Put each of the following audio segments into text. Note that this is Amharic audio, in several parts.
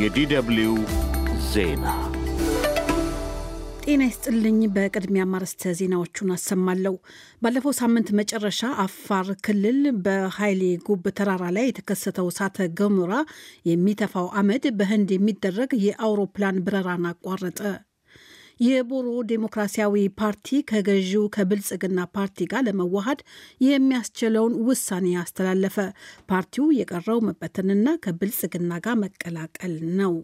የዲደብልዩ ዜና ጤና ይስጥልኝ። በቅድሚያ ማርስተ ዜናዎቹን አሰማለሁ። ባለፈው ሳምንት መጨረሻ አፋር ክልል በኃይሌ ጉብ ተራራ ላይ የተከሰተው እሳተ ገሞራ የሚተፋው አመድ በህንድ የሚደረግ የአውሮፕላን በረራን አቋረጠ። የቦሮ ዴሞክራሲያዊ ፓርቲ ከገዢው ከብልጽግና ፓርቲ ጋር ለመዋሃድ የሚያስችለውን ውሳኔ ያስተላለፈ። ፓርቲው የቀረው መበተንና ከብልጽግና ጋር መቀላቀል ነው።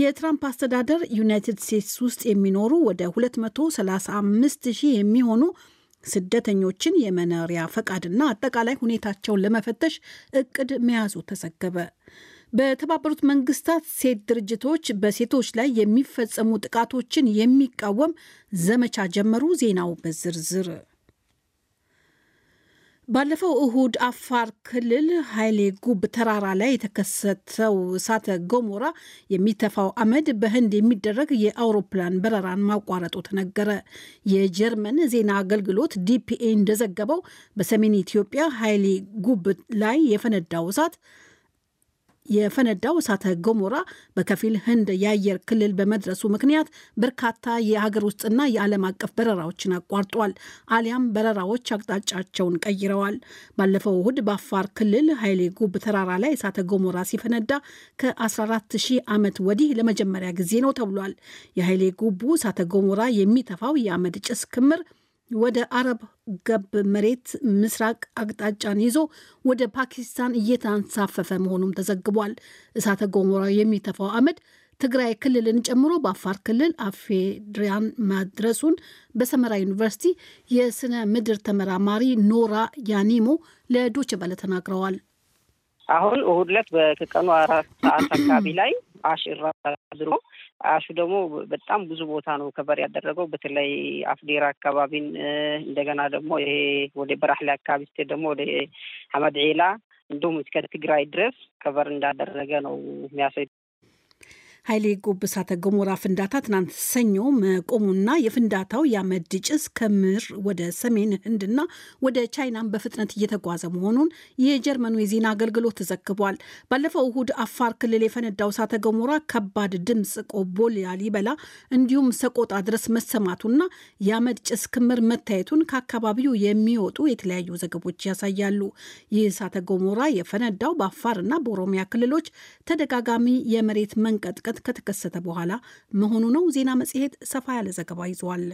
የትራምፕ አስተዳደር ዩናይትድ ስቴትስ ውስጥ የሚኖሩ ወደ 235 ሺህ የሚሆኑ ስደተኞችን የመኖሪያ ፈቃድና አጠቃላይ ሁኔታቸውን ለመፈተሽ እቅድ መያዙ ተዘገበ። በተባበሩት መንግስታት ሴት ድርጅቶች በሴቶች ላይ የሚፈጸሙ ጥቃቶችን የሚቃወም ዘመቻ ጀመሩ። ዜናው በዝርዝር ባለፈው እሁድ አፋር ክልል ኃይሌ ጉብ ተራራ ላይ የተከሰተው እሳተ ገሞራ የሚተፋው አመድ በህንድ የሚደረግ የአውሮፕላን በረራን ማቋረጡ ተነገረ። የጀርመን ዜና አገልግሎት ዲፒኤ እንደዘገበው በሰሜን ኢትዮጵያ ኃይሌ ጉብ ላይ የፈነዳው እሳት የፈነዳው እሳተ ገሞራ በከፊል ህንድ የአየር ክልል በመድረሱ ምክንያት በርካታ የሀገር ውስጥና የዓለም አቀፍ በረራዎችን አቋርጧል። አሊያም በረራዎች አቅጣጫቸውን ቀይረዋል። ባለፈው እሁድ በአፋር ክልል ኃይሌ ጉብ ተራራ ላይ እሳተ ገሞራ ሲፈነዳ ከ14 ሺህ ዓመት ወዲህ ለመጀመሪያ ጊዜ ነው ተብሏል። የሀይሌ ጉቡ እሳተ ገሞራ የሚተፋው የአመድ ጭስ ክምር ወደ አረብ ገብ መሬት ምስራቅ አቅጣጫን ይዞ ወደ ፓኪስታን እየተንሳፈፈ መሆኑም ተዘግቧል። እሳተ ገሞራ የሚተፋው አመድ ትግራይ ክልልን ጨምሮ በአፋር ክልል አፌድሪያን ማድረሱን በሰመራ ዩኒቨርሲቲ የስነ ምድር ተመራማሪ ኖራ ያኒሞ ለዶች በለ ተናግረዋል። አሁን እሁድ ዕለት አራት ሰዓት አካባቢ ላይ አሽ እራሱ አሹ ደግሞ በጣም ብዙ ቦታ ነው ከበር ያደረገው። በተለይ አፍዴራ አካባቢን እንደገና ደግሞ ይሄ ወደ በራህሌ አካባቢ ስቴ ደግሞ ወደ ሀመድ ዒላ እንዲሁም እስከ ትግራይ ድረስ ከበር እንዳደረገ ነው የሚያሳይ ኃይሌ ጉብ እሳተ ገሞራ ፍንዳታ ትናንት ሰኞ መቆሙና የፍንዳታው የአመድ ጭስ ከምር ወደ ሰሜን ህንድና ወደ ቻይናን በፍጥነት እየተጓዘ መሆኑን የጀርመኑ የዜና አገልግሎት ተዘግቧል። ባለፈው እሁድ አፋር ክልል የፈነዳው እሳተ ገሞራ ከባድ ድምፅ ቆቦልያ፣ ላሊበላ እንዲሁም ሰቆጣ ድረስ መሰማቱና የአመድ ጭስ ክምር መታየቱን ከአካባቢው የሚወጡ የተለያዩ ዘገቦች ያሳያሉ። ይህ እሳተ ገሞራ የፈነዳው በአፋርና በኦሮሚያ ክልሎች ተደጋጋሚ የመሬት መንቀጥቀ ውድቀት ከተከሰተ በኋላ መሆኑ ነው። ዜና መጽሔት ሰፋ ያለ ዘገባ ይዟል።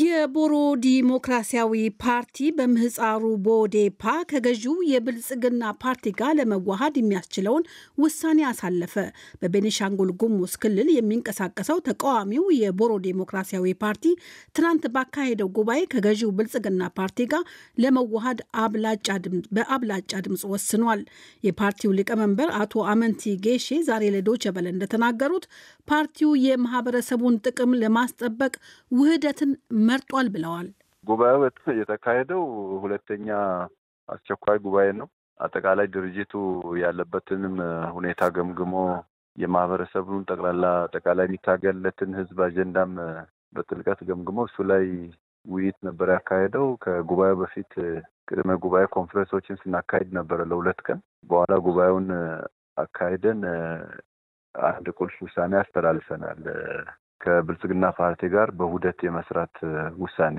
የቦሮ ዲሞክራሲያዊ ፓርቲ በምህፃሩ ቦዴፓ ከገዢው የብልጽግና ፓርቲ ጋር ለመዋሃድ የሚያስችለውን ውሳኔ አሳለፈ። በቤኒሻንጉል ጉሙዝ ክልል የሚንቀሳቀሰው ተቃዋሚው የቦሮ ዲሞክራሲያዊ ፓርቲ ትናንት ባካሄደው ጉባኤ ከገዢው ብልጽግና ፓርቲ ጋር ለመዋሃድ በአብላጫ ድምፅ ወስኗል። የፓርቲው ሊቀመንበር አቶ አመንቲ ጌሼ ዛሬ ለዶይቼ ቬለ እንደተናገሩት ፓርቲው የማህበረሰቡን ጥቅም ለማስጠበቅ ውህደትን መርጧል ብለዋል። ጉባኤው የተካሄደው ሁለተኛ አስቸኳይ ጉባኤ ነው። አጠቃላይ ድርጅቱ ያለበትንም ሁኔታ ገምግሞ የማህበረሰቡን ጠቅላላ አጠቃላይ የሚታገልለትን ህዝብ አጀንዳም በጥልቀት ገምግሞ እሱ ላይ ውይይት ነበር ያካሄደው። ከጉባኤው በፊት ቅድመ ጉባኤ ኮንፈረንሶችን ስናካሄድ ነበረ ለሁለት ቀን። በኋላ ጉባኤውን አካሄደን አንድ ቁልፍ ውሳኔ አስተላልፈናል። ከብልጽግና ፓርቲ ጋር በውህደት የመስራት ውሳኔ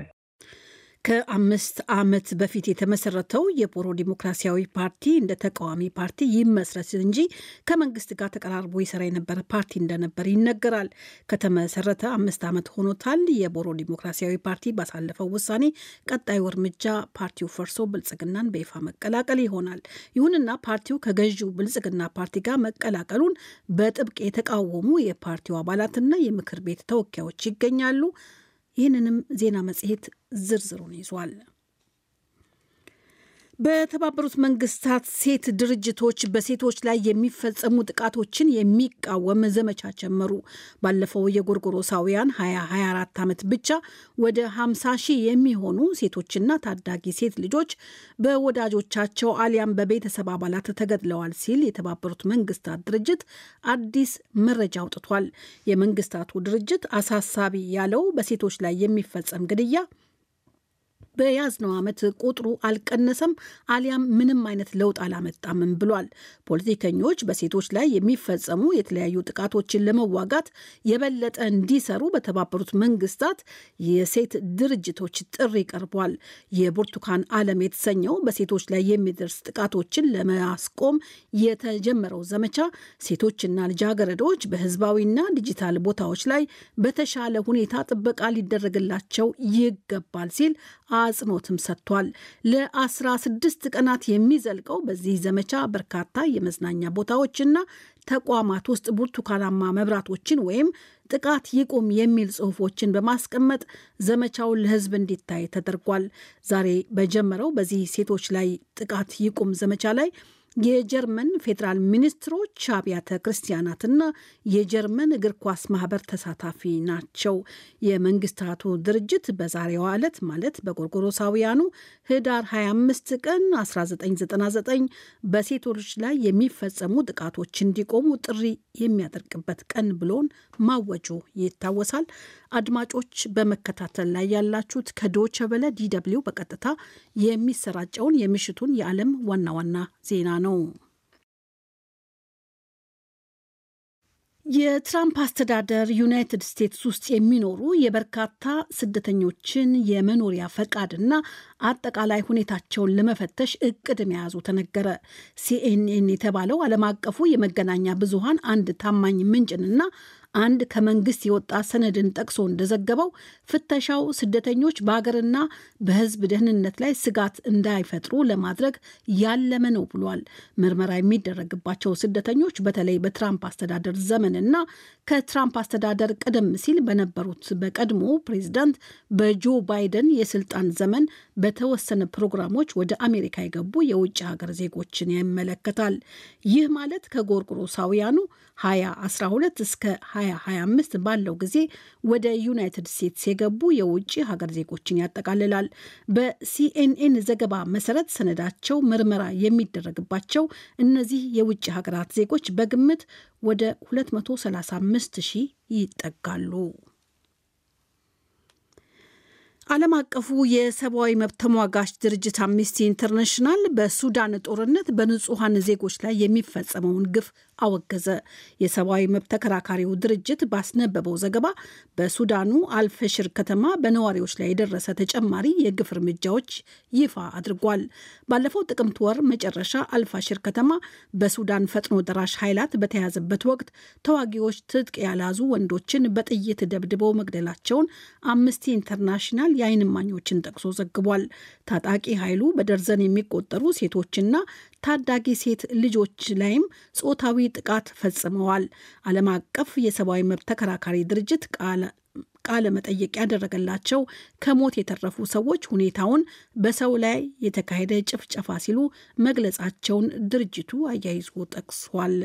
ከአምስት ዓመት በፊት የተመሰረተው የቦሮ ዲሞክራሲያዊ ፓርቲ እንደ ተቃዋሚ ፓርቲ ይመስረት እንጂ ከመንግስት ጋር ተቀራርቦ ይሰራ የነበረ ፓርቲ እንደነበር ይነገራል። ከተመሰረተ አምስት ዓመት ሆኖታል። የቦሮ ዲሞክራሲያዊ ፓርቲ ባሳለፈው ውሳኔ ቀጣዩ እርምጃ ፓርቲው ፈርሶ ብልጽግናን በይፋ መቀላቀል ይሆናል። ይሁንና ፓርቲው ከገዢው ብልጽግና ፓርቲ ጋር መቀላቀሉን በጥብቅ የተቃወሙ የፓርቲው አባላትና የምክር ቤት ተወካዮች ይገኛሉ። ይህንንም ዜና መጽሔት ዝርዝሩን ይዟል። በተባበሩት መንግስታት ሴት ድርጅቶች በሴቶች ላይ የሚፈጸሙ ጥቃቶችን የሚቃወም ዘመቻ ጀመሩ። ባለፈው የጎርጎሮሳውያን 2024 ዓመት ብቻ ወደ 50 ሺህ የሚሆኑ ሴቶችና ታዳጊ ሴት ልጆች በወዳጆቻቸው አሊያም በቤተሰብ አባላት ተገድለዋል ሲል የተባበሩት መንግስታት ድርጅት አዲስ መረጃ አውጥቷል። የመንግስታቱ ድርጅት አሳሳቢ ያለው በሴቶች ላይ የሚፈጸም ግድያ በያዝነው ዓመት ቁጥሩ አልቀነሰም አሊያም ምንም አይነት ለውጥ አላመጣምም ብሏል። ፖለቲከኞች በሴቶች ላይ የሚፈጸሙ የተለያዩ ጥቃቶችን ለመዋጋት የበለጠ እንዲሰሩ በተባበሩት መንግስታት የሴት ድርጅቶች ጥሪ ቀርቧል። የብርቱካን ዓለም የተሰኘው በሴቶች ላይ የሚደርስ ጥቃቶችን ለማስቆም የተጀመረው ዘመቻ ሴቶችና ልጃገረዶች በህዝባዊና ዲጂታል ቦታዎች ላይ በተሻለ ሁኔታ ጥበቃ ሊደረግላቸው ይገባል ሲል አጽንኦትም ሰጥቷል። ለ16 ቀናት የሚዘልቀው በዚህ ዘመቻ በርካታ የመዝናኛ ቦታዎችና ተቋማት ውስጥ ብርቱካናማ መብራቶችን ወይም ጥቃት ይቁም የሚል ጽሑፎችን በማስቀመጥ ዘመቻውን ለሕዝብ እንዲታይ ተደርጓል። ዛሬ በጀመረው በዚህ ሴቶች ላይ ጥቃት ይቁም ዘመቻ ላይ የጀርመን ፌዴራል ሚኒስትሮች አብያተ ክርስቲያናትና የጀርመን እግር ኳስ ማህበር ተሳታፊ ናቸው። የመንግስታቱ ድርጅት በዛሬዋ ዕለት ማለት በጎርጎሮሳውያኑ ህዳር 25 ቀን 1999 በሴቶች ላይ የሚፈጸሙ ጥቃቶች እንዲቆሙ ጥሪ የሚያደርግበት ቀን ብሎን ማወጩ ይታወሳል። አድማጮች በመከታተል ላይ ያላችሁት ከዶቸ በለ ዲደብሊው በቀጥታ የሚሰራጨውን የምሽቱን የዓለም ዋና ዋና ዜና ነው። የትራምፕ አስተዳደር ዩናይትድ ስቴትስ ውስጥ የሚኖሩ የበርካታ ስደተኞችን የመኖሪያ ፈቃድና አጠቃላይ ሁኔታቸውን ለመፈተሽ እቅድ መያዙ ተነገረ። ሲኤንኤን የተባለው ዓለም አቀፉ የመገናኛ ብዙሃን አንድ ታማኝ ምንጭንና አንድ ከመንግስት የወጣ ሰነድን ጠቅሶ እንደዘገበው ፍተሻው ስደተኞች በሀገርና በሕዝብ ደህንነት ላይ ስጋት እንዳይፈጥሩ ለማድረግ ያለመ ነው ብሏል። ምርመራ የሚደረግባቸው ስደተኞች በተለይ በትራምፕ አስተዳደር ዘመን እና ከትራምፕ አስተዳደር ቀደም ሲል በነበሩት በቀድሞ ፕሬዚዳንት በጆ ባይደን የስልጣን ዘመን በተወሰነ ፕሮግራሞች ወደ አሜሪካ የገቡ የውጭ ሀገር ዜጎችን ይመለከታል። ይህ ማለት ከጎርጎሮሳውያኑ 2012 እስከ 2025 ባለው ጊዜ ወደ ዩናይትድ ስቴትስ የገቡ የውጭ ሀገር ዜጎችን ያጠቃልላል። በሲኤንኤን ዘገባ መሰረት ሰነዳቸው ምርመራ የሚደረግባቸው እነዚህ የውጭ ሀገራት ዜጎች በግምት ወደ 235 ሺህ ይጠጋሉ። ዓለም አቀፉ የሰብአዊ መብት ተሟጋች ድርጅት አምኒስቲ ኢንተርናሽናል በሱዳን ጦርነት በንጹሐን ዜጎች ላይ የሚፈጸመውን ግፍ አወገዘ። የሰብአዊ መብት ተከራካሪው ድርጅት ባስነበበው ዘገባ በሱዳኑ አልፈሽር ከተማ በነዋሪዎች ላይ የደረሰ ተጨማሪ የግፍ እርምጃዎች ይፋ አድርጓል። ባለፈው ጥቅምት ወር መጨረሻ አልፋሽር ከተማ በሱዳን ፈጥኖ ደራሽ ኃይላት በተያዘበት ወቅት ተዋጊዎች ትጥቅ ያልያዙ ወንዶችን በጥይት ደብድበው መግደላቸውን አምነስቲ ኢንተርናሽናል የዓይን እማኞችን ጠቅሶ ዘግቧል። ታጣቂ ኃይሉ በደርዘን የሚቆጠሩ ሴቶችና ታዳጊ ሴት ልጆች ላይም ጾታዊ ጥቃት ፈጽመዋል። ዓለም አቀፍ የሰብአዊ መብት ተከራካሪ ድርጅት ቃለ ቃለ መጠየቅ ያደረገላቸው ከሞት የተረፉ ሰዎች ሁኔታውን በሰው ላይ የተካሄደ ጭፍጨፋ ሲሉ መግለጻቸውን ድርጅቱ አያይዞ ጠቅሷል።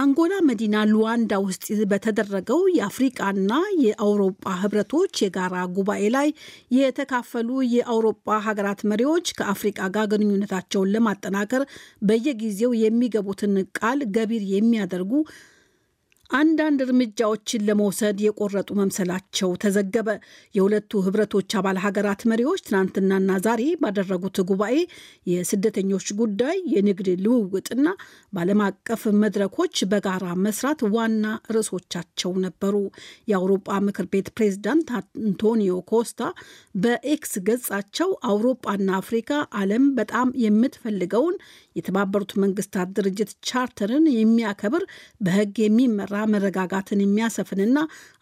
አንጎላ መዲና ሉዋንዳ ውስጥ በተደረገው የአፍሪቃና የአውሮፓ ህብረቶች የጋራ ጉባኤ ላይ የተካፈሉ የአውሮጳ ሀገራት መሪዎች ከአፍሪቃ ጋር ግንኙነታቸውን ለማጠናከር በየጊዜው የሚገቡትን ቃል ገቢር የሚያደርጉ አንዳንድ እርምጃዎችን ለመውሰድ የቆረጡ መምሰላቸው ተዘገበ። የሁለቱ ህብረቶች አባል ሀገራት መሪዎች ትናንትናና ዛሬ ባደረጉት ጉባኤ የስደተኞች ጉዳይ፣ የንግድ ልውውጥና በዓለም አቀፍ መድረኮች በጋራ መስራት ዋና ርዕሶቻቸው ነበሩ። የአውሮጳ ምክር ቤት ፕሬዝዳንት አንቶኒዮ ኮስታ በኤክስ ገጻቸው አውሮጳና አፍሪካ ዓለም በጣም የምትፈልገውን የተባበሩት መንግስታት ድርጅት ቻርተርን የሚያከብር በህግ የሚመራ መረጋጋትን የሚያሰፍንና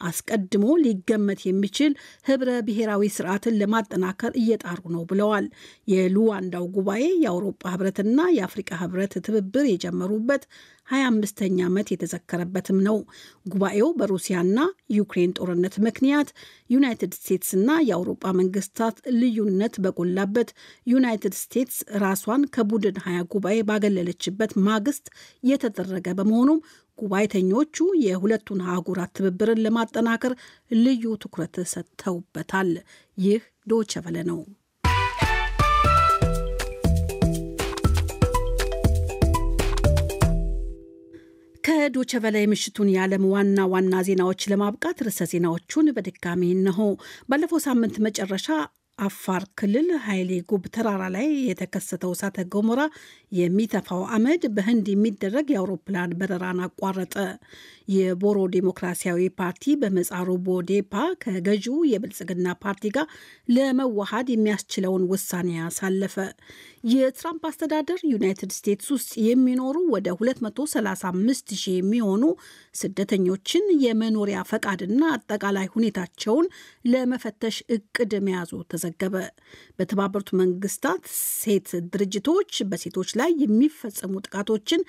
አስቀድሞ ሊገመት የሚችል ህብረ ብሔራዊ ስርዓትን ለማጠናከር እየጣሩ ነው ብለዋል። የሉዋንዳው ጉባኤ የአውሮፓ ህብረትና የአፍሪቃ ህብረት ትብብር የጀመሩበት 25ኛ ዓመት የተዘከረበትም ነው። ጉባኤው በሩሲያና ዩክሬን ጦርነት ምክንያት ዩናይትድ ስቴትስና የአውሮፓ መንግስታት ልዩነት በጎላበት ዩናይትድ ስቴትስ ራሷን ከቡድን ሀያ ጉባኤ ባገለለችበት ማግስት የተደረገ በመሆኑም ጉባኤተኞቹ የሁለቱን አህጉራት ትብብርን ለማጠናከር ልዩ ትኩረት ሰጥተውበታል። ይህ ዶቸቨለ ነው። ከዶቸቨለ የምሽቱን የዓለም ዋና ዋና ዜናዎች ለማብቃት ርዕሰ ዜናዎቹን በድጋሚ እነሆ። ባለፈው ሳምንት መጨረሻ አፋር ክልል ኃይሌ ጉብ ተራራ ላይ የተከሰተው እሳተ ገሞራ የሚተፋው አመድ በህንድ የሚደረግ የአውሮፕላን በረራን አቋረጠ። የቦሮ ዴሞክራሲያዊ ፓርቲ በመጻሩ ቦዴፓ ከገዢው የብልጽግና ፓርቲ ጋር ለመዋሃድ የሚያስችለውን ውሳኔ አሳለፈ። የትራምፕ አስተዳደር ዩናይትድ ስቴትስ ውስጥ የሚኖሩ ወደ 235 ሺህ የሚሆኑ ስደተኞችን የመኖሪያ ፈቃድና አጠቃላይ ሁኔታቸውን ለመፈተሽ እቅድ መያዙ ተዘገበ። በተባበሩት መንግስታት ሴት ድርጅቶች በሴቶች ላይ የሚፈጸሙ ጥቃቶችን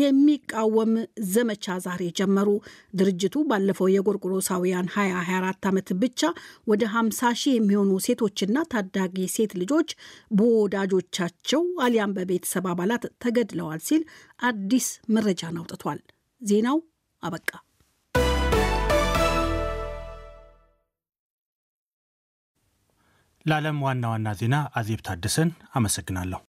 የሚቃወም ዘመቻ ዛሬ ጀመሩ። ድርጅቱ ባለፈው የጎርጎሮሳውያን 2024 ዓመት ብቻ ወደ 50 ሺህ የሚሆኑ ሴቶችና ታዳጊ ሴት ልጆች በወዳጆቻቸው አሊያም በቤተሰብ አባላት ተገድለዋል ሲል አዲስ መረጃን አውጥቷል። ዜናው አበቃ። ለዓለም ዋና ዋና ዜና አዜብ ታደሰን አመሰግናለሁ።